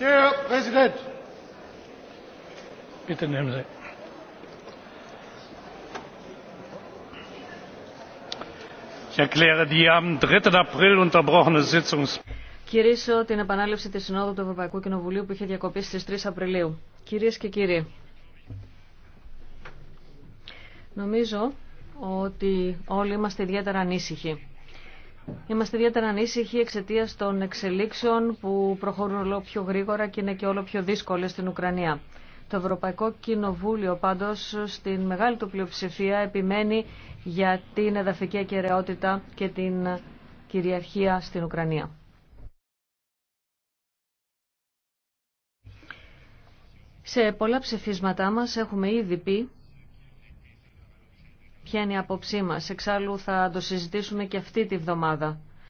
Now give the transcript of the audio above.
Herr Präsident! Bitte nehmen Sie. Ich erkläre die am 3. April unterbrochene Sitzung. Κυρίσω την επανάληψη της Συνόδου του Ευρωπαϊκού Κοινοβουλίου που είχε διακοπεί στις 3 Απριλίου. Κυρίες και κύριοι, νομίζω ότι όλοι είμαστε ιδιαίτερα ανήσυχοι. Είμαστε ιδιαίτερα ανήσυχοι εξαιτία των εξελίξεων που προχωρούν όλο πιο γρήγορα και είναι και όλο πιο δύσκολε στην Ουκρανία. Το Ευρωπαϊκό Κοινοβούλιο πάντως στην μεγάλη του πλειοψηφία επιμένει για την εδαφική ακεραιότητα και την κυριαρχία στην Ουκρανία. Σε πολλά ψηφίσματά μας έχουμε ήδη πει ποια είναι η άποψή μας. Εξάλλου θα το συζητήσουμε και αυτή τη βδομάδα.